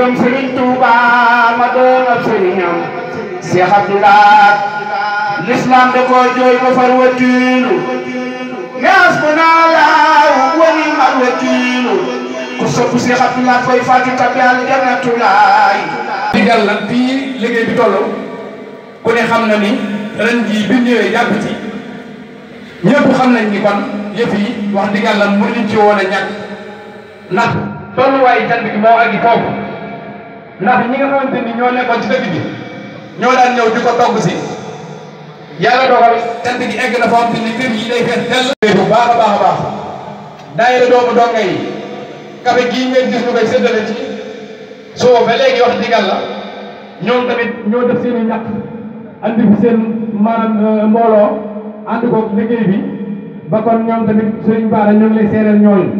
gëm sëriñ Touba ma doon ab sëriñam Cheikh Abdoulaye l'islam da koo jooy ba far watiilu neas bu naa mar watiilu ku sopp Cheikh Abdoulaye koy fàtti tabi aljannatulaay di dal fii liggéey bi toll ku ne xam na ni ren bi ñëwee yàgg ci xam nañ ni kon yëf yi wax dëgg yàlla mënuñ ci woon a ñàkk ndax tolluwaayu jant bi moo agi foofu ndax ñi nga xamante ni ñoo nekkoon ci dëkk bi ñoo daan ñëw di ko togg si yàlla dogal a baax doomu donga yi kafe gii ngeen gis ñu koy séddale ci soo ba léegi wax digal la ñoom tamit ñoo def seen i andi fi seen euh, mbooloo andi ko liggéey bi ba kon ñoom tamit suñu baara ñu ngi seereel ñooñu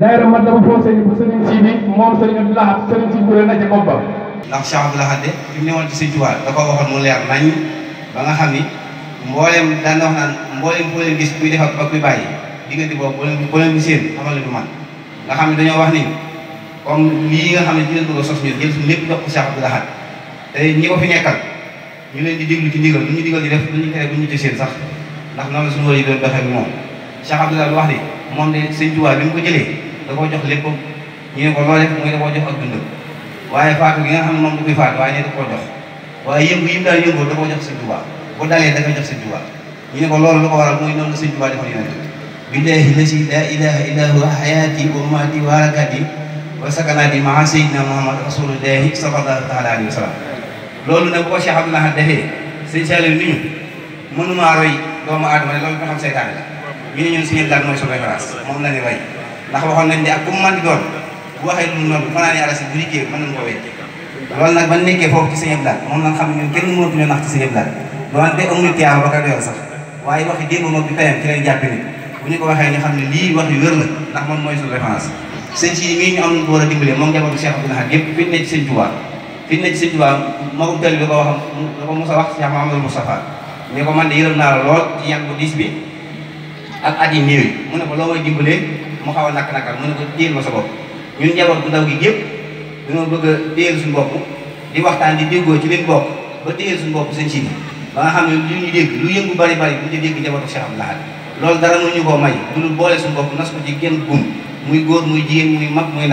daayira mat la bu foo sëñ bu sëriñ si bi moom sëriñ Abdou Lahad sëriñ si Gurel na ca boppam ndax Cheikh Abdou Lahad de fi mu newoon ci sëñ Tuubaa da ko waxoon mu leer nañ ba nga xam ni mbooleem daan na wax naan mbooleem boo leen gis kuy def ak ba kuy bàyyi diggante boobu boo leen boo leen bi séen xamal ne du man nga xam ne dañoo wax ni comme lii nga xam ne ci leen bëgg a sos ñun jël suñu lépp jox ko Cheikh Abdou Lahad te ñi ko fi nekkal ñu leen di déglu ci ndigal lu ñu digal di def lu ñu tere bu ñu ci seen sax ndax noonu la suñu war yi doon doxee moom Cheikh Abdou Lahad wax ni moom de sëñ Tuubaa bi mu ko jëlee da koo jox ko loo def da koo jox gi nga xam ne moom du koy faatu waaye ne da koo jox waaye yëngu yi mu daan yëngoo da koo jox sëñ da koy lu ko waral muy noonu la sëñ Tuubaa defoon yonent billahi lasi la ilaha illa huwa xayaati wa mamaati wa harakaati wa sakanaati maa sayyidina Muhammad rasulillahi sallallahu taala alayhi wa sallam loolu nag bu ko Cheikh Abdoulaye defee sëñ Saliou ni ñu mënumaa roy doomu aadama ne loolu ko xam seytaane la ñu ne ñun suñu daal mooy ndax waxoon nañ ne ak bu mu mën di doon bu waxee lu mu noonu fanaan yàlla si bu liggéey mën nañu ko wecce loolu nag ban nekkee foofu ci Sëñ Abdu Lahat moom nag xam ne ñun kenn mënatu ñu nax ci Sëñ Abdu Lahat doon de amuñu tiyaaba ba ko doyal sax waaye waxi démb moom bi tayam ci lañ jàppe ni bu ñu ko waxee ñu xam ne lii wax yu wér la ndax moom mooy suñu référence sëñ si mii ñu am nañ ko war a dimbalee moom njabootu Cheikh Abdou Lahad yëpp fi ne ci sëñ Tuubaa fi ne ci sëñ Tuubaa magum tali bi ko wax da ko Moussa wax Cheikh Mahamadou Moustapha ne ko man de yërëm naa la lool ci yàgg bu diis bi ak at yi néew yi mu ne ko loo may dimbalee mu xaw a nakk-nakkal mu ne ko téel ma sa bopp ñun njaboot bu ndaw gi yëpp dañoo bëgg a téyel su bopp di waxtaan di déggoo ci liñ bokk ba téyel suñu bopp seen sibi ba nga xam ne lu ñu dégg lu yëngu bari bari bu ñu dégg njabootu Cheikh Abdou Lahad loolu dara mënuñu koo may du lu boole suñu bopp nas ko muy góor muy jigéen muy mag muy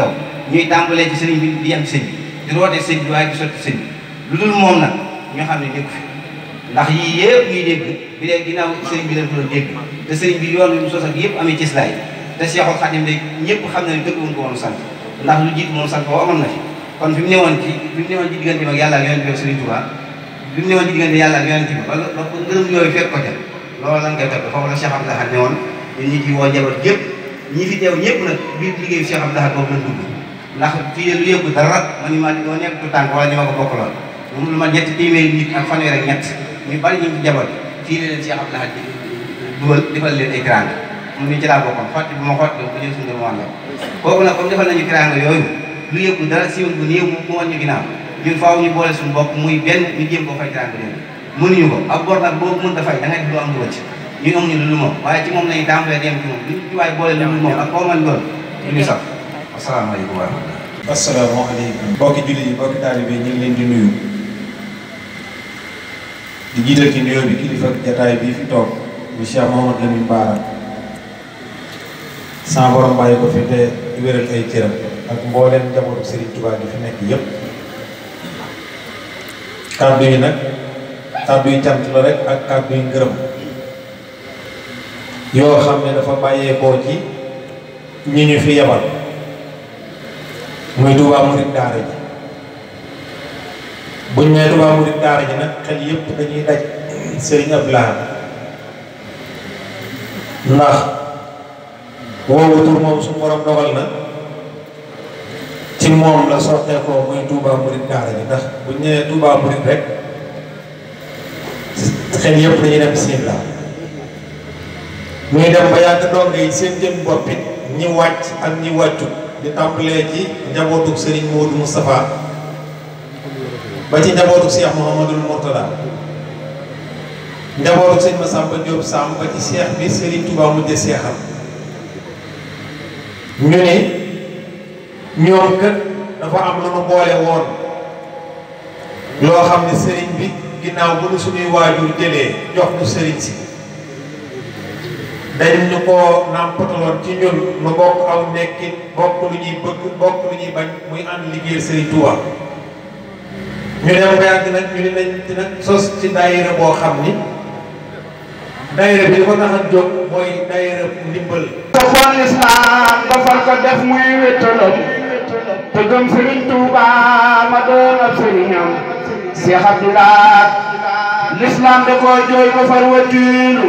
ñuy tàmbalee ci bi di yem ci sëñ bi di rootee sëñ bi waaye di sotti sëñ lu dul moom nag ñoo xam ne nekku fi ndax yii yëpp ñuy dégg bi dee ginnaaw sëriñ bi lañ ko dégg te sëriñ bi yoon yu mu sos ak yëpp amee cislaay te Seexul Xadim léegi ñëpp xam na ne dëgg wuñ ko woon kon fi mu newoon ci fi mu ci diggante mag ak yonent bi ak yàlla ak yonent bi wala ngërëm yooyu fekk ko ca loolu lan ngay topp foofu la Cheikh Abdou Lahad newoon ñun ñi ci woo njaboot ñi fi teew ñëpp nag biir liggéeyu ndax fii lu yëggu dara man ñu ma doo nekk tu tànk wala ñu ñett ñu bari ñu ci njaboot fii la leen Cheikh Abdou Lahad dugal defal leen ay mu ngi jëlaat boppam xotti bu ma xotti bu jël suñu woon la kooku nag comme defal nañu teraanga yooyu lu yëpp dara siiwal bu néew mu woon ñu ginnaaw ñun faaw ñu boole suñu bopp muy benn ñu jéem koo fay teraanga yooyu mënuñu ko ab bor nag boobu mën da fay da ngay doo am lu wàcc ñun am ñu lu moom waaye ci moom lañu tàmbalee dem ci moom luñ ci waaye boole lu moom ak koo mën doon ñu sax asalaamaaleykum wa rahmatulah asalaamaaleykum mbokki jullit yi mbokki taalibe ñu ngi leen di nuyu di jiital ci nuyoo bi kilifa jataay bii fi toog mu Cheikh Mouhamadou Lamine Bara sama borom bàyyi ko fi te wéral ay cëram ak mbooleem njabootu Serigne Touba gi fi nekk yëpp kàddu yi nag kàddu yi cant la rek ak kàddu yi ngërëm yoo xam ne dafa bàyyeekoo ci ñi ñu fi yebal muy Touba Mouride Daara ji buñ nee Touba Mouride Daara ji nag xel yëpp dañuy daj Serigne Abdoulaye ndax. woowu tur moom su borom dogal na ci moom la sottee ko muy Touba Mouride daara bi ndax bu ñu nee Touba Mouride rek xel yëpp dañuy dem Sibla muy yàgg dong yi seen jëm bopp it ñi wàcc ak ñi wàccut di tàmbalee ci njabootu Serigne Modou Moustapha ba ci njabootu Cheikh Mouhamadul Mourtada njabootu Serigne Massamba ñu ne ñoom kat dafa am lu nu boole woon loo xam ne sëriñ bi ginnaaw bu nu suñuy waajur jëlee jox nu sëriñ si dañ ñu koo nàmpataloon ci ñun nu bokk aw nekkin bokk lu ñuy bañ muy ànd liggéey sëriñ Tuuba ñu dem ba yàgg nag ñu ne nañ sos ci daayira boo xam ni daayira bi ko tax a jóg mooy daayira ndimbal. te xool lislaam ba far ko def muy wéttalam te gëm sëriñ Tuuba ma doon ab sëriñam Seex Abdu Laat lislaam da koo jooy ba far watiilu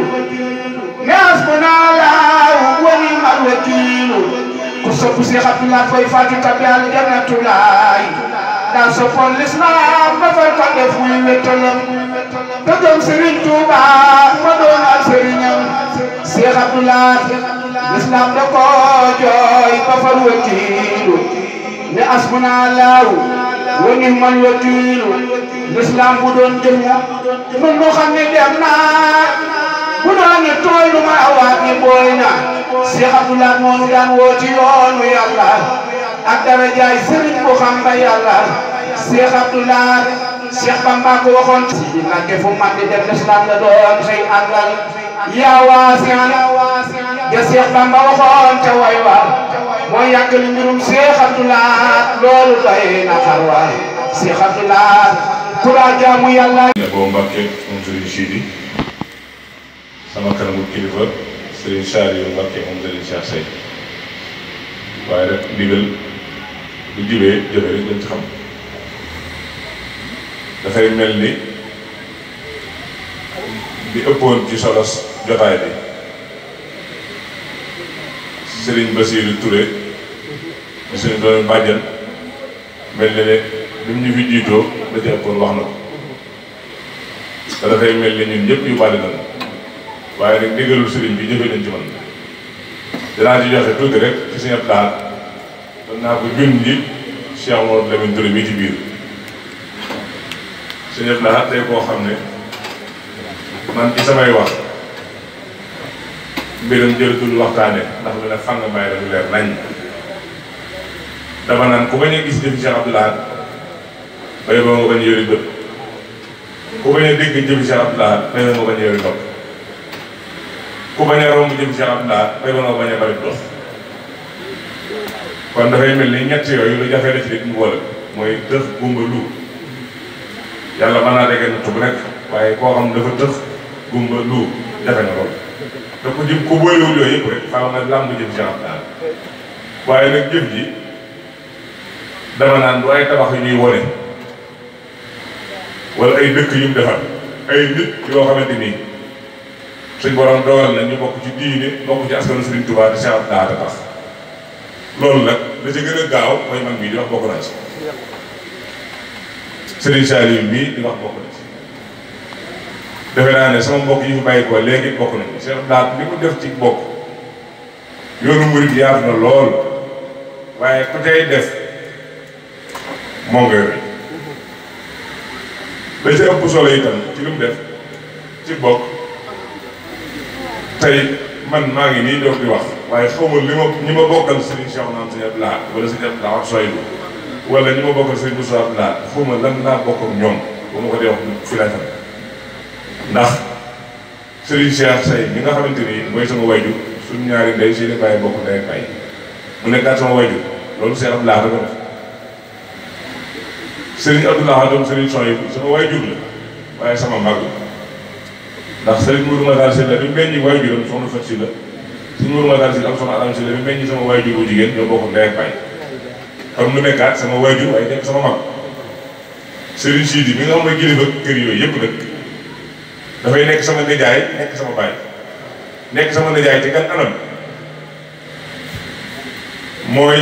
ne askanaa laahu wa ni'mal wakiilu ku sopp Seex Abdu Laat koy fàtti tabi aljannatu laay daa soppoon lislaam ba far ko def muy wéttalam te doon sëriñ Tuuba ma doon ak sëriñam Seex a Lahat lislaam da ko jooy ba far wëtiilu ne asbuna laahu wa ni'mal wakiilu lislaam bu doon jëmm man moo xam ne dem naa bu doon ne tooy lu ma awaat ni na Seex Abdu Lahat moo ñu daan woo yoonu yàlla ak darajaay sëriñ bu xam ba yàlla Seex Abdu Lahat Cheikh Bamba ko waxoon si Mbàkke fu Mbàkke dem lislaam la doon xëy àndal yaa waasiyan ya Cheikh Bamba waxoon ca way waar moo yàgg li mbirum Cheikh Abdoulaat loolu doy na xar waar Cheikh Abdoulaat ku laa jaamu yàlla ne boo Mbàkke moom Sëriñ Sidi sama kanamu kilifa Sëriñ Saliou Mbàkke moom Sëriñ Cheikh Sey waaye rek ndigal bu jibee jëfe rek dañ ci xam dafay mel ni di ëppoon ci solo jotaay bi Serigne Bassirou Touré di suñu doon bàjjan mel ni ne bi mu ñu fi jiitoo da ëppoon wax na ko te dafay mel ni ñun ñëpp yu bàlli nan waaye nag ndigalul Serigne bi jëfee nañ ci man dinaa ci joxe tuuti rek ci seen daal mën ko junj Cheikh Mouhamadou Lamine Touré mii ci biir suñu yëpp laaj day koo xam ne man ci samay wax mbirum jëritul waxtaane ndax lu ne fang bàyyi la nañ dama naan ku bañ a gis jëfi Cheikh Abdou Lahad bay ba ma bañ yori bët ku bañ a dégg jëfi Cheikh Abdou Lahad bay ba ma bañ bañ a bari dox kon dafay mel ni ñett yooyu lu jafe la ci nit mu wala mooy dëf gumba lu yàlla mën naa dégg natt bu nekk waaye koo xam dafa tëx gumba lu jafe na lool te ku jëm ku boolewul yooyu yëpp rek xam nga làmb jëm waaye nag jëm ji dama naan du ay tabax yu ñuy wone wala ay ñu bokk ci loolu nag la ci gën a gaaw mooy man mii di wax bokk naa ci Serigne Saliou bii di wax bokk na ci defe naa ne sama mbokk yi fi bàyyi ko léegi bokk na ci Cheikh Blaat li mu def ci bokk yoonu murid yaatu na lool waaye ku tey def moo nga yor la ci ëpp solo itam ci lu def ci bokk tey man maa ngi nii doog di wax waaye xawma li ma ñi ma bokkal Serigne Cheikh naan Serigne Abdoulaye wala Serigne Abdoulaye ak Soylu wala ñu ma bokkal sëñ Moussa Abdoulaye xuma lan laa bokk ak ñoom ba ma ko dee wax fi laa tam ndax Serigne Say mi nga xamante ni mooy sama wayju suñ ñaari ndey si ne bàyyi bokk ndey bàyyi mu nekkaat sama wayju loolu Cheikh Abdoulaye da ko def Serigne Abdoulaye doom Serigne Soy sama waaye sama mag la ndax Serigne Mourou Matar Sylla bi meññi wayjuram soxna Fatou Sylla Serigne Mourou Matar Sylla am soxna Adam sama wayjur bu jigéen ñoo bokk ndey ak bàyyi comme lu nekkaat sama waajur waaye nekk sama mag Serigne Sidi mi nga xam mooy kilifa kër yooyu yëpp nag dafay nekk sama nijaay nekk sama baay nekk sama nijaay ci gan anam mooy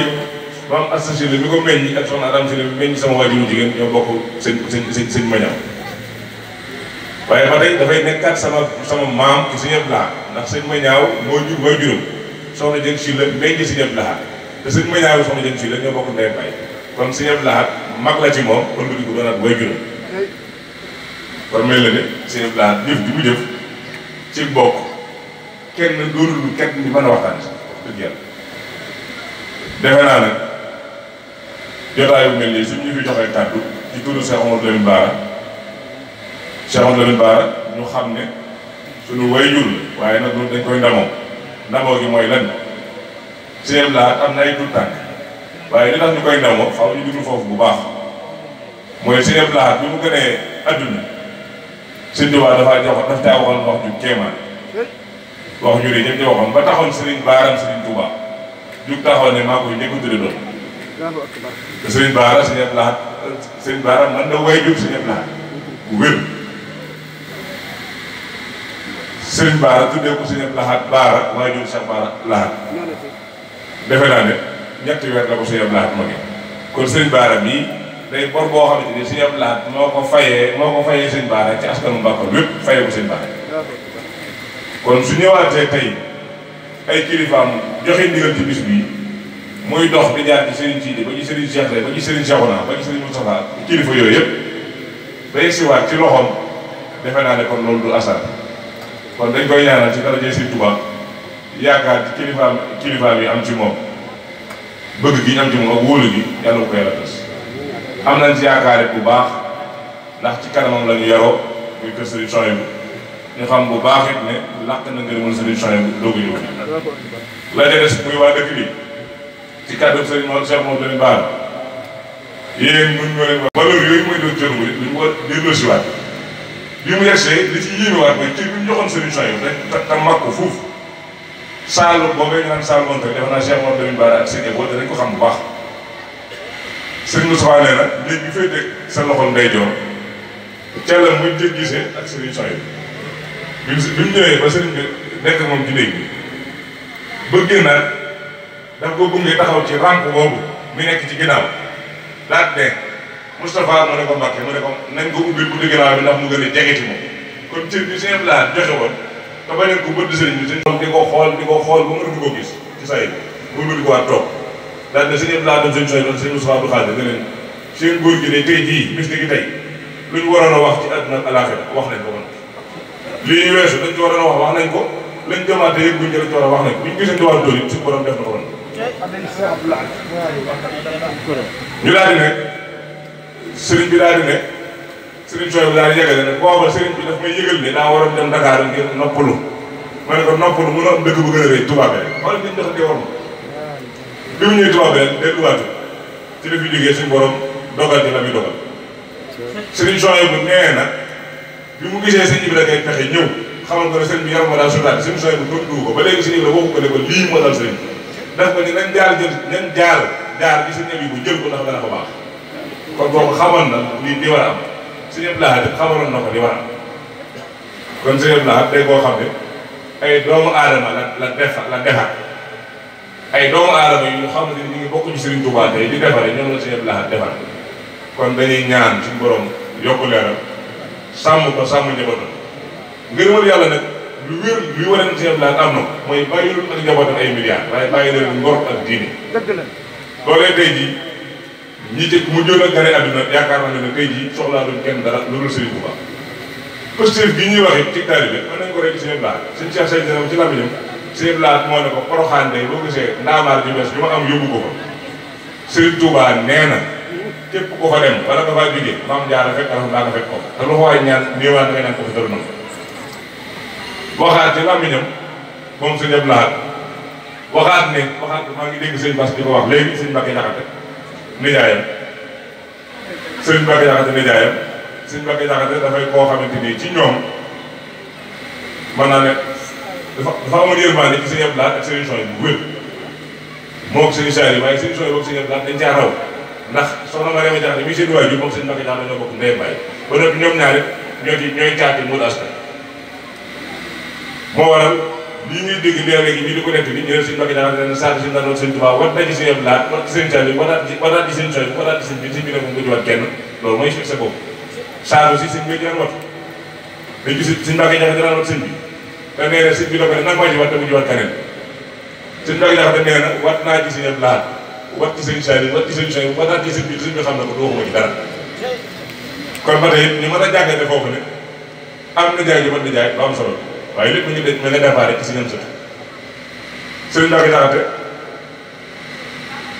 maam Asta Sylla mi meññ sama waajur jigéen ñoo bokk sëñ sëñ sëñ mañam waaye ba tey dafay nekkaat sama sama maam ci sëñ Abdu Lahad ndax sëñ mañaaw moo jur waajuram soxna Jeng Sylla meññ sëñ Abdu Lahad te sëñ may naaw sama jëm si la ñoo bokk ndey bay kon sëñ Abdou Lahad mag la ci moom kon nga dugg doonaat way juróom kon mel na ne sëñ Abdou Lahad jëf ji mu jëf ci bokk kenn doonul kat ñu mën a waxtaan si wax dëgg yàlla defe naa nag jotaay bu mel nii suñ ñu xam ne suñu way jur waaye nag dañ koy ndamoo ndamoo gi mooy lan sëñ laa am na ay tuut tànk waaye li tax ñu koy ndamoo xaw ñu dugg foofu bu baax mooy sëñ laa bi mu gënee adduna sëñ Tuubaa dafa jox daf caa waxoon wax ju kéemaan wax ñu ne ñëpp ñu ba taxoon sëriñ Baaram sëriñ Tuubaa jug taxoon ne maa koy njëkk a tuddee doon te sëriñ Baara sëñ laa sëriñ Baara man na way jub sëñ laa bu wér sëriñ Baara tuddee Baara waaye jur Baara Lahat defe naa ne ñetti weer la ko Sëñ Abdou Lahad ma gi kon sëñ Baara bii day bor boo xamante ni Sëñ Abdou Lahad moo ko fayee moo ko fayee sëñ Baara ci askanu Mbàkke lépp fayee ko sëñ Baara kon su ñëwaatee tey ay kilifaam joxe ndigal ci bis bii muy dox di jaar ci Serigne Sidi ba ci Serigne Cheikh Lay ba ci Serigne Cheikhouna ba ci Serigne Moustapha kilifa yooyu yëpp day siwaat ci loxoom defe naa ne kon loolu du asar kon dañ koy ñaanal ci daraja Serigne Touba yaakaar ci kilifaam kilifa bi am ci moom bëgg gi ñu am ci moom ak wóolu gi yàlla bu ko yàlla am nañ baax ndax ci kanamam la ñu yaroo muy kër Serigne Souhaïbou ñu xam bu baax it ne làq na ngërëmal Serigne Souhaïbou doogu ñëw la ca des muy waa dëkk bi ci kàddu Serigne Mor Cheikh moom dañu baax yéen muñ ñu leen wax valeur yooyu mu waat bi ci yéenuwaat ñu joxoon Serigne Souhaïbou rek te mag ko fuuf Saalum boo koy naan Saalum moom tamit defe naa Cheikh Mor Lamine Bara ak Sëñ Abo ko xam bu baax Sëñ Moussa nee na léegi bi fay teg sa loxol ndeyjoor ca la muy jëg ak Serigne Soye bi bi mu ñëwee ba Serigne bi nekk moom ci néeg bi bëgg naa daf ko gunge taxaw ci rampe boobu mi nekk ci ginnaaw daat ne Moustapha mu ne ko Mbacke mu ne ko nañ ko ubbil bu di ginnaaw bi mu gën a jege ci moom kon cër bi seen laa joxe woon. te bañ a ko bëgg sëriñ bi sëriñ bi di ko xool di ko xool ba mu ëpp ko gis ci saa yi muy bëgg ko waat toog daal de sëriñ laa doon sëriñ sooy doon sëriñ Moussa Abdou Khadir ne leen seen góor gi de tey jii bis ni ki tey lu ñu waroon a wax ci àdduna ak alaaxira wax nañ ko man lii ñu weesu dañ ci waroon a wax wax nañ ko lañ jëmaatee yëpp buñ jëlee ci war a wax nañ ko buñ gisee ci wàllu tool yi suñu borom def na ko man ñu daal di ne sëriñ bi daal di ne sëriñ sooy bi daal yëgale nag booba sëriñ bi daf may yëgal ne daa waroon ne ko noppalu mënoo am dëkk bu gën a rëy Touba Belel xoolal bi ñu mu ñëwee Touba Belel delluwaatu ci la fi sooy bu nee na bi mu gisee sëñ bi da ngay fexe ñëw ko ne sëriñ bi yaram ma daal sutaat sooy bu tontu ko ba léegi sëriñ bi waxu ko lii moo dal daf ko ni nañ jaar jël jaar jaar bi sëriñ bi bu jël ko ndax dana ko baax kon boo ko xamoon lii di a am Sëñ Abdou Lahad xamaloon na ko li war kon Sëñ Abdou Lahad day koo xam ne ay doomu aadama la la defa la defar ay doomu aadama yu xam ne ñu ngi bokk ci Sëriñ Tuubaa tey di defaree ñoom la Sëñ Abdou Lahad defar kon dañuy ñaan suñu borom yokk leeram sàmm ko sàmm njabootam ngir wër yàlla nag lu wér lu wér Sëñ Abdou Lahad am na mooy bàyyiwul ak njabootam ay milliards waaye bàyyi na leen ngor ak diine. dëgg la loolee tey jii. ñi te mu jóon ak gare yaakaar naa ne tey jii soxlaa duñ kenn dara loolu sëriñ bu baax pëstéef bi ñuy waxee ci taalibe mën nañ ko rek sëñ Blaat sëñ Cheikh Seydou Dinaw ci làmmiñam ne ko ko fa sëriñ Touba nee na képp ko fa dem wala nga waxaat ci waxaat ne maa ngi dégg sëñ Bass di wax léegi sëñ Mbacke Diakhaté nijaayam sëriñ Mbacke Diakhaté nijaayam sëriñ Mbacke Diakhaté dafay koo xamante ni ci ñoom ma naa ne ma dafa amoon yërmande ci sëriñ Abdou Lahad ak sëriñ Soy bu wér moo ak sëriñ Saaliw waaye sëriñ Soy boog sëriñ Abdou Lahad dañ caa raw ndax soxna Mariama Diakhaté mi seen waajur moom sëriñ Mbacke Diakhaté ñoo bokk ndey baay ba noppi ñoom ñaar it ñoo ci ñooy caati muur moo waral lii ñuy dégg léeg-léeg ñu di ko nii ñu ne suñu mbokk yi daanaka dañu di si bi ne ko gujuwaat kenn loolu mooy suñu sa bopp saa aussi sëñ bi daan wat dañu gis suñu mbokk yi jafe daan wat sëñ bi la ko ne nag maa ci wat te gujuwaat keneen suñu mbokk yi jafe nee na wat naa ci seen laaj a am solo waaye lépp ñu dañ mel ne départ ci si ñoom sëñ Serigne Mbacke Jaxate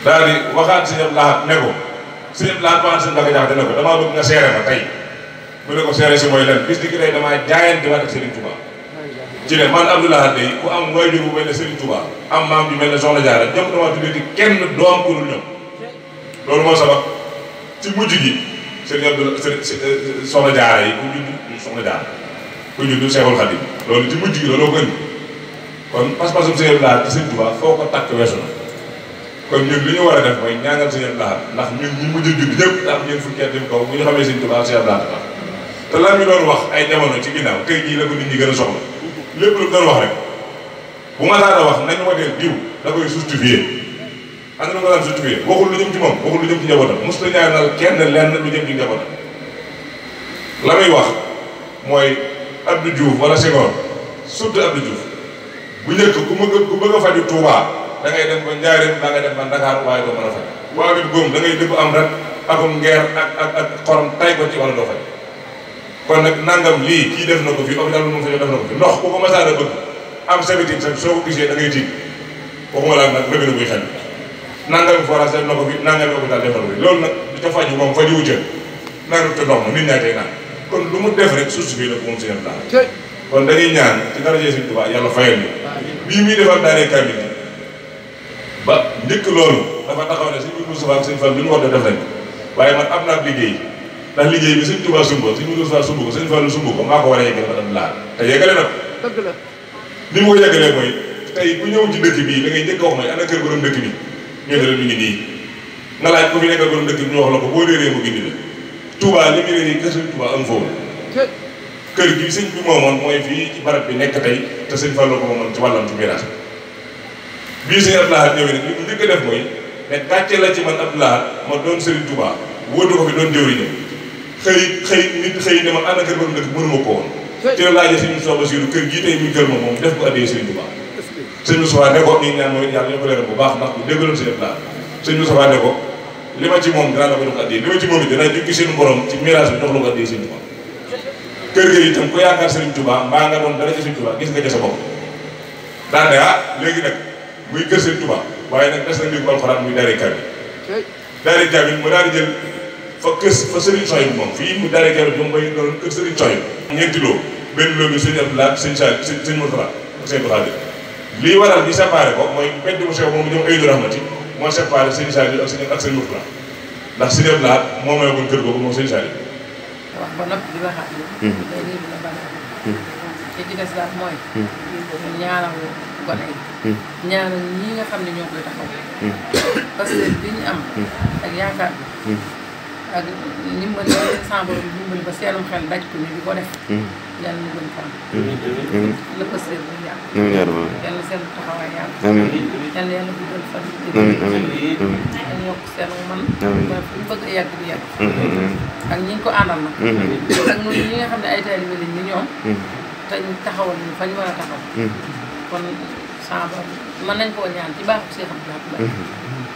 daal di waxaat si ñoom laaj ne ko si ñoom laaj waxaat seere ma tey mu ne seere si mooy lan bis di ki tey damaa jaayante waat ak Serigne Touba. ci ne man Abdou Lahad day ku am waajur bu mel ne Serigne Touba am maam ju mel ne Soxna Jaara ñoom damaa tuddee di kenn doom ku ñoom loolu moo sabab ci mujj gi Serigne Abdou Soxna Jaara yi ku judd Soxna Jaara ku judd Seexul Xadim loolu ci mujj gi looloo ko indi kon pas-pasum Sëñ Abdou Lahad ci Sëñ Tuubaa foo ko takk weesu na kon ñun li ñu war a def mooy si Sëñ Abdou Lahad ndax ñun ñu mujj judd ñëpp ndax ñeen fukki bu ñu xamee Sëñ Tuubaa Sëñ Abdou Lahad tax ñu doon wax ay jamono ci ginnaaw tey la ko nit ñi gën a soxla lépp lu doon wax rek bu ma daan wax nañu wateel diw da koy justifier am na lu ko daan justifier waxul lu jëm ci moom waxul lu jëm ci njabootam mosut a ñaanal kenn lenn lu jëm ci njabootam la muy wax mooy Abdou Diouf wala Senghor surtout Abdou Diouf bu njëkk ku bëgg bëgg a faju Touba da ngay dem ba Njaaréem da ngay dem waaye doo mën a faj waa bi góom da am rek akum ngeer ak ak ci wala doo faj kon lii kii na ko bi moom fi def na ko fi ndox ku ko masaana ko gisee da ngay tiit waxuma laa nag bëgg na buy na ko fi loolu nag dafa faju moom fajuwu ca naan te ndox nit ñaa tey kon lu mu def rek suuf si biir la ko moom seen daal kon dañuy ñaan ci dara jee Sëriñ Tuubaa yàlla fayal ñu bii muy defal daanee kamil ba njëkk loolu dafa taxaw ne Sëriñ Moustapha ak Sëriñ Fall lu ñu war a def rek waaye man am naa liggéey ndax liggéey bi Sëriñ Tuubaa sumb Sëriñ Moustapha sumb ko Sëriñ Fall sumb ko maa ko war a yeggale ba tam laal te yeggale na ko ni mu ko yeggalee mooy tey bu ñëw ci dëkk bii da ngay njëkk wax mooy ana kër borom dëkk bi ñu ne la ñu ngi nii nga laaj ko fi nekkal borom dëkk bi ñu wax la ko boo réeree mu gindi la Touba li muy wér kër am foofu kër gi sëñ bi moomoon mooy fii ci barab bi nekk tey te sëñ Fallou ko moom ci wàllam mu njëkk a def mooy ne gàcce la ci man Abdou Lahad ma doon sëriñ Touba wóotu ko fi doon jëwriñam xëy xëy nit xëy ma ko woon ci la laajee sëñ Moussa Bassirou kër moom def ko addee sëñ Touba sëñ Moussa ne ko ñu mooy yàlla ñu ko leeral bu baax ndax bu déggaloon sëñ Abdou Lahad sëñ ne ko li ma ci moom dinaa la ko jox addiya li ma ci moom it dinaa jukki seen borom ci mirage bi jox la ko addiya seen borom kër ga itam ku yaakaar Serigne Touba mbaa nga doon dara ci Serigne Touba gis nga ca sa ah, kër Serigne waaye na déglu alxuraan muy daare kaamil daare kaamil mu daal di jël fa kër fa Serigne moom fii mu daare kaamil moom bay doon kër Serigne Soy ñeenti loo benn loo bi sëñ Abdoulaye sëñ Sall sëñ Mourtala sëñ Boukhadé lii waral ñu séparé ko mooy mbedd mu sew moom ñoom Aïdou Rahmati moo séparé sëñ Saliou ak sëñ ak sëñ Mourtala la hmm. bari. Hmm. te ci hmm. yi. nga xam ne ñoo koy taxaw. parce bi ñu am. ak yaakaar bi. ak ndimbal yooyu sama borom daj ko ni di ko def. yàlla ñu gën ko am. la ko amiin yaa rabbal aalamiin. yàlla seen taxawaay yàlla. amiin yàlla yàlla guddal fan. amiin amiin mm, mm, mm. ne ay taalibe lañ ni ñoom. te ñu taxawal ñu war a taxaw. kon saa ba mën nañ koo ñaan ci baaxu see xam baax.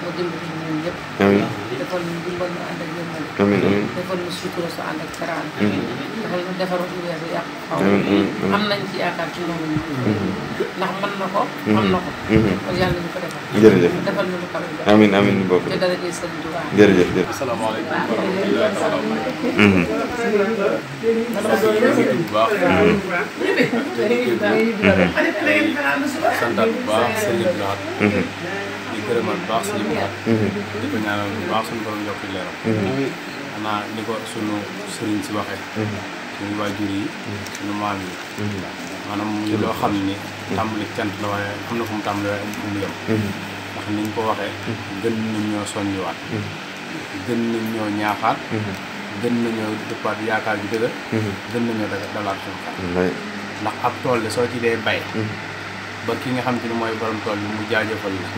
moo dimbali ñun ñëpp. amiin defal ñu dimbal ñu ànd ak yëngal. amiin amiin defal ñu sutura su ànd ak karaan. defal ñu defar lu weesu yàq xaw am nañ ci yaakaar ci moom ndax mën na ko. am na ko. kon yàlla ñu ko defal. jërëjëf defal ñu lu kawe ba. amiin amiin ñu bokk ci dara jëy sëñ Tuubaa. jërëjëf jërëjëf. asalaamaaleykum wa rahmatullaahi wa barakaatuh. Mhm. Mhm. sant bu baax sëñ gërëmal bu baax suñu mbaar. Mhm. di ko ñaanal bu baax suñu borom yokk leeram. Mhm. xanaa ni ko sunu sëriñ si waxee. Mhm. yi. suñu maam maanaam loo xam ne. tàmbali cant la waaye am na fu mu niñ ko waxee. gën nañ ñoo soññiwaat. gën nañ ñoo ñaaxaat. gën nañoo dëppaat yaakaar bi dëgg. gën nañoo dalaat suñu xel. ndax ab tool de soo ci dee bay. ba ki nga xam te li mooy borom tool bi mu jaajëfal la.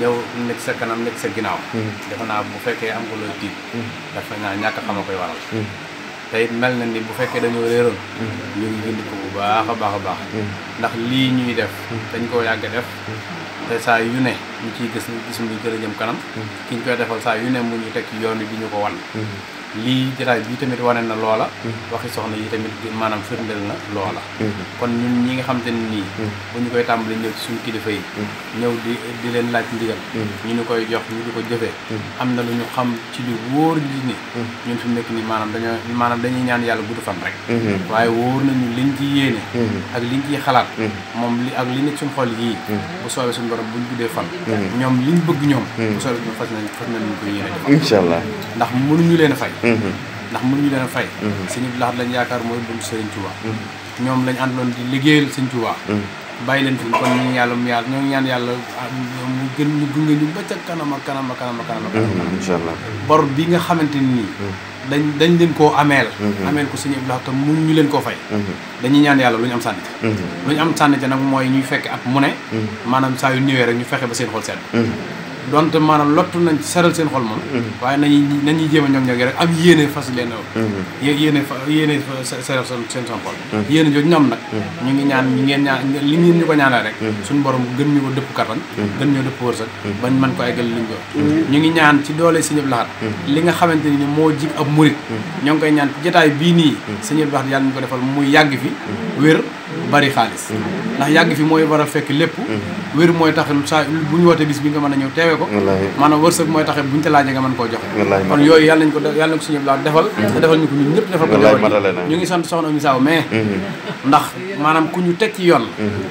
ñëw nekk sa kanam nekk sa ginnaaw. Mm-hmm. defe naa bu fekkee am nga looy tiit. Mm-hmm. dafa naa ñàkk xam koy waral. Mm-hmm. tey mel na ni bu fekkee dañoo réeroon. ñu ngi bind ko bu baax a baax a baax. ndax lii ñuy def. dañ koo yàgg def. te saa yu ne ñu ci gis gis muy gën a jëm kanam. kiñ ñu koy defal saa yu ne mu ñu teg ci yoon wi di ñu ko wan. lii jotaay bii tamit wane na loola hmm. waxi soxna yi tamit maanaam firndeel na loola hmm. kon ñi nga xam te ne nii hmm. bu ñu koy tàmbali ñëw ci suñu kilifa yi ñëw di di leen laaj ndigal ñu ñu koy jox ñu di ko jëfee am na lu ñu xam ci lu wóor li ni ñun fi mu nekk nii maanaam dañoo maanaam dañuy ñaan yàlla gudd fan rek waaye wóor nañu liñ ci yéene ak liñ ciy xalaat moom li ak li nekk suñu xol yii bu soobee suñu borom buñ guddee fan ñoom liñ bëgg ñoom bu soobee suñu fas nañ fas nañ ñu ko yéene defal incha allah ndax mënuñu leen a fay Mm-hmm. ndax mënuñu leen a fay. Mm-hmm. sëñ Abdou Lahad lañ yaakaar mooy dund Serigne Touba. Mm-hmm. ñoom lañ àndoon di liggéeyal sëñ Touba. bàyyi leen fi kon ñu ngi yàlla mu yàlla ñoo ngi ñaan yàlla ah, mu gën ñu gunge ñu ba ca kanam ak kanam ak kanam ak kanam. incha allah bi nga xamante nii. dañ dañ leen koo ameel. ameel ko sëñ Abdou Lahad te mun ñu leen koo fay. dañuy ñaan yàlla lu ñu am sànni ca. lu ñu am sànni ca nag mooy ñuy fekk at mu ne. maanaam saa yu néewee rek ñu fexe ba seen xol sedd. donte maanaam lottu nañ saral seen xol moom mm-hmm. waaye nañuy nañuy jéem a ñoom ñoom rek yéene fas leen mm-hmm. yéene fa yéene saral seen seen xol mm-hmm. yéene jooju ñoom nag ñu ngi ñaan ñi ngeen ñaan li ngeen ñu ko ñaanal rek suñu borom gën ñu dëpp kattan gën ñoo dëpp wërsëg bañ man ko eggal liñ ko ñu ngi ñaan ci doole Sëñ Abdou Lahad li nga xamante ni moo jig ab murit ñoo ngi koy ñaan jetaay bii nii Sëñ Abdou Lahad yàlla ñu ko defal muy yàgg fi wér bari xaalis ndax yàgg fi mooy war a fekk lépp wér mooy tax saa bu ñu wootee bis bi nga mën a ñëw teewee ko maanaam wërsëg mooy tax bu ñu te laajee nga mën koo joxe kon yooyu yàlla nañ ko yàlla nañ ko suñu laa defal mm-hmm. te defal ñu ko ñun ñëpp defal ko ñu ngi sant soxna Oumy Sow mais mm-hmm. ndax maanaam ku ñu teg ci yoon mm-hmm.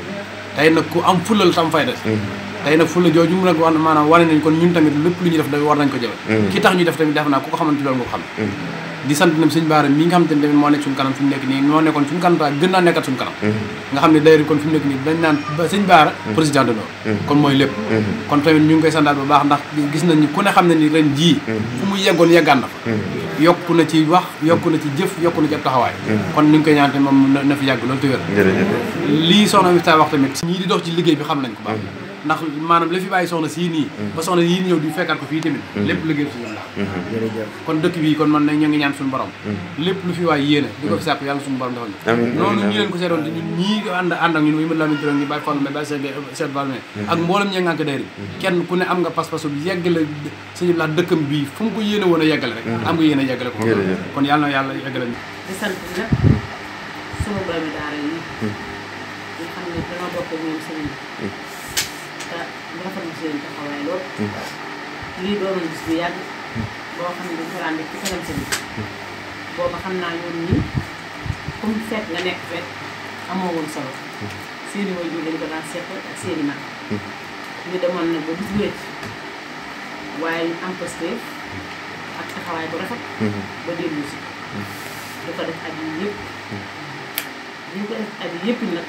tey nag ku am fulal tam fay des tey mu nag wax maanaam wane nañ kon ñun tamit lépp lu ñu def da war nañ ko jëfe ki tax ñu def tamit def naa ko xamante loolu nga ko xam di sant nam sëñ Baara mi nga xam te ne tamit moo nekk suñu kanam fi mu nekk nii moo nekkoon suñu kanam gën naa nekkat suñu kanam mm-hmm. nga xam ne d'ailleurs kon fi mu nekk nii dañ naan sëñ mm-hmm. mm-hmm. kon mooy lépp kon tamit ñu ngi koy santaat bu baax gis nañ ni ku ne xam ne ni ren jii fu mu yeggoon yeggaan na fa yokku na ci wax yokku na ci jëf yokku na ci ab taxawaay kon ñu ngi koy ñaan te moom na fi yàgg loolu te wér lii soxna Mista wax tamit ñii di dox ci liggéey bi xam nañ ko baax ndax maanaam la fi bàyyi soxna sii nii ba soxna yii ñëw di fekkaat ko fii tamit mm-hmm. lépp liggéey si ñoom la kon dëkk bii kon man na ñu ngi ñaan suñu borom mm-hmm. lépp lu fi waay yéene di ko fi sàkk yàlla suñu borom defal ñu noonu ñu leen ko seetoon te ñun ñii ànd ànd ak ñun muy mën laa mintro ñi bàyyi mm-hmm. kenn ku ne am nga pas-pasu yegg la bi laa dëkkam bii fu mu ko yéene woon a yeggale rek am nga yéene yeggale ko kon yàlla na yàlla yeggale di te rafetlu mm. lii doon gis bu yàgg. Mm. boo xam ne dañu ko daan def ci kanam mm. nga nekk fekk amoo solo. seeni waajur dañu ko daan seq ak seeni mag. ñu demoon nag ba du wéet waaye am posté ak taxawaay bu rafet. ba dellu si. du ko def at yii yëpp. du ko def at yii yëpp nag.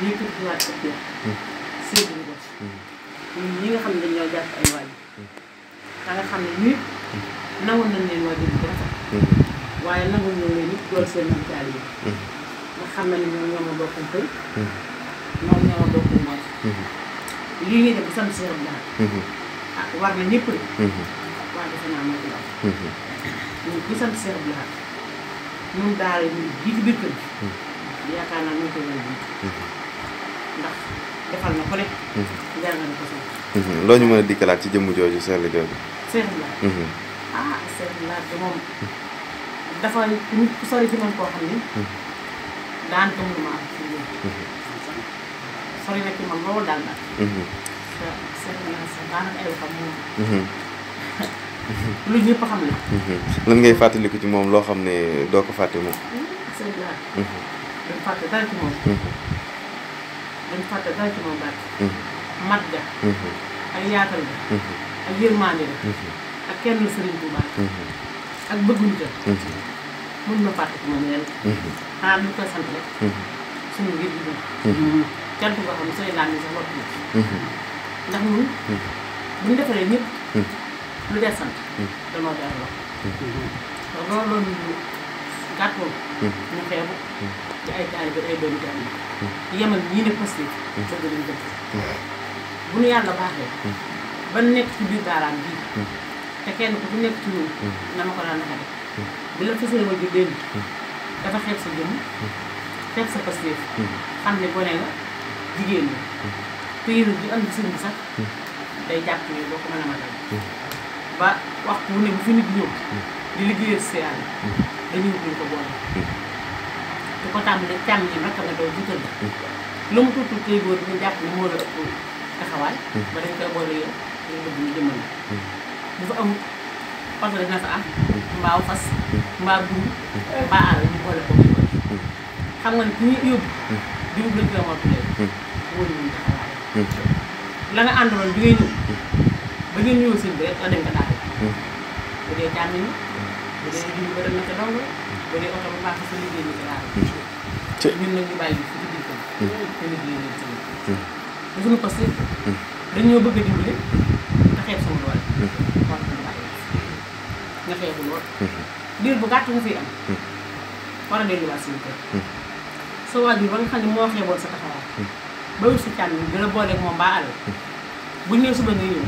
ñuy tudd waat ak ñoom. ñun ñi nga xam ne dañoo jàpp ay waajur da nga xam ne nit nangu nañ leen waajur bu rafet waaye nangu nañ leen nit door seen mën caal yi nga xam ne ñoom ñoo ma bokkul tey moom ñoo ma bokkul mooy lii ñuy def ba sant Cheikh Abdou ah war na ñëpp rek waaye defe naa moo ci war ñun bi sant Cheikh Abdou ñun daal ñu jiitu biir kër yaakaar naa ñu koy wér ndax defal mhm. na ko lépp. Mhm. loo ñu mën a dikkalaat ci jëmm jooju seetlu jooju. seetlu la. Mhm. ah seetlu sori ci koo xam ni. daanaka mënu ma am ci lii. sori xam ne. lan ngay fàttaliku ci moom loo xam ne doo ko fàtte moom. Hmm, dañ fàtte dara ci moom barke mm-hmm. mat ga mm-hmm. ak yaatal ga mm-hmm. ak yërmaande ga ak kenn sëriñ Tuubaa ak bëgguñu ta mën na fàtte ci moom leen xanaa lu koy sant rek suñu ngir di ñun xam sooy laan ni sax wattu ndax ñun buñ defaree ñëpp lu dee sant danoo wax loolu loolu carton hmm. ñu xeebu hmm. ci ay taali bi ay doomi taali hmm. yemal ñii ne Pastef bëgg nañ dëgg bu ñu yàlla baaxee ba nekk ci biir daaraam bii te kenn ku nekk ci ñun na ma ko daan naka def bi la fasee ma jur démb dafa xeeb sa jëmm xeeb sa Pastef xam ne gone la jigéen la période bi am gisin bi sax day jàpp ne boo ko mën a matal ba waxtu wu ne bu fi nit ñëw di liggéeyal si yàlla dañuy wut ñu ko boole du mm-hmm. ko tàmbalee càmm ñi naka nga doon jiital mm-hmm. lu mu tuutul tey góor ñu jàpp moo la ëpp taxawaay mm-hmm. ba boole yow dañ bëgg boole ko nga ne ku ñuy yóbbu nga àndaloon ba ngeen ñëw seen bi la dem nga daal bu dee càmm bu dee jiw bëri na ca dong bu ni ci daal. te ñun nag ñu bàyyi ji fii dañoo bëgg a dimbali nga xeeb sama doole. war nañu bàyyi nga lool. diir bu gàtt nga fiy am. war a delluwaat suñu kër. sa waajur ba nga xam ne moo mmh. xeeboon sa taxawaay. ba wut si càmm bi dina booleeg moom baa àll. bu ñu nee suba nga ñëw.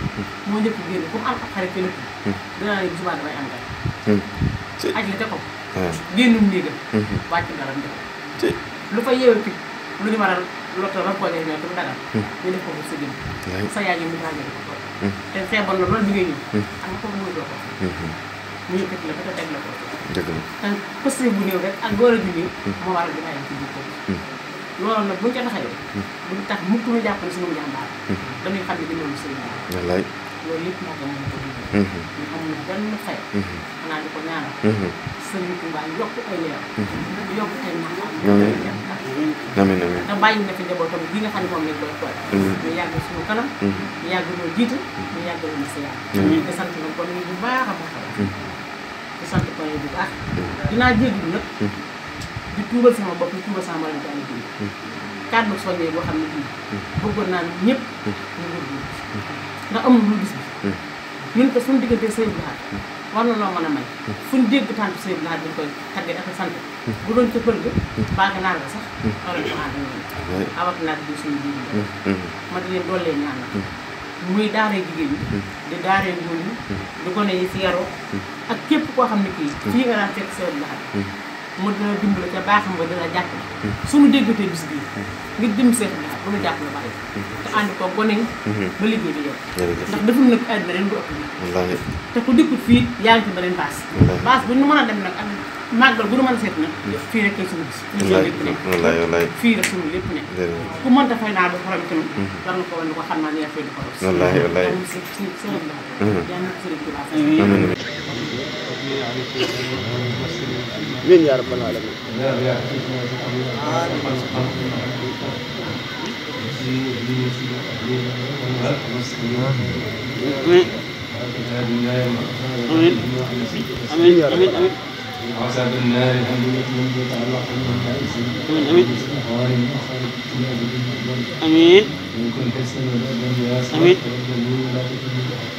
moo njëkk génn ku am ab xarit te lépp. dinaa ne bu damay am dara. aj la ca kaw. génnum néegam. wàcc ndaram def lu fa yeewee fi lu ñu war a lotto raccordé ñoom itam dagal. ñu def ko pour sa a sa yaay yi mu ngi ràññee ko. te feebar la bi ngay ñëw. am na mu ko te teg la a jugee. moo waral di bàyyi ci loolu nag bu ñu ca taxawee. bu ñu tax mukk ñu jàpp ne suñu jàmbaar. dañuy xam ne dinañu sëriñ. wallaay loolu moo ko a ñu amul benn fay. xanaa di ko ñaanal. sëriñ Touba yokk ay leer. yokk ay amiin amiin te bàyyi na nga xam ne moom koy xool. ñu yàgg suñu kanam. ñu yàgg ñoo jiite. ñu yàgg ñu si yàlla. di sant xam ne bii. bëggoon naa ñëpp ñu amul lu gis bi ñun ko suñ diggante sëñ bi laaj war na loo mën a may fuñ dégg tàntu sëñ bi laaj koy tagge dafa sant bu doon ca pël ga mbaa nga naan la sax loolu ko ànd noonu awat naag bi suñu jiw mm, mm. ma di leen doollee ñaan na mm. muy daaree jigéen ñi di daaree góor ñi di gone yi si yaroo ak képp koo xam ne kii fii nga daan fekk sëñ bi laaj mu dina dimbali ca baaxam ba dina jàpp suñu déggatee bis ngir dim seex bi bu ñu jàpp lu bari te ànd ko gone ba liggéey bi yow ndax defum nag àddina leen bu ëpp te ku dikkut fii yaa ngi ci beneen baas baas bu ñu mën a dem nag am màggal bu nu mën a seet nag. fii rek kay suñu gis. wallaay wallaay wallaay fii rek suñu lépp nekk. ku mënta fay naa ba xorom itam. Mm-hmm. war na ko wane ko xam naa ne yaa fay di xorom. wallaay wallaay am na si si sëriñ la. yaa ngi sëriñ bi baax amiin yaa rabbal alamin amiin amiin amiin عسى بالنار أن يؤمن ويتعلق آمين آمين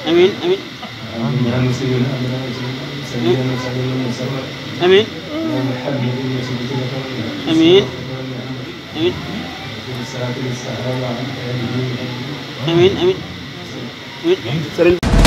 آمين آمين يا مسلم الأمر سبيلا وسبيلا وسبيلا آمين يا محمد إن سبت لك آمين آمين في ساعة السهرة عن آله آمين آمين آمين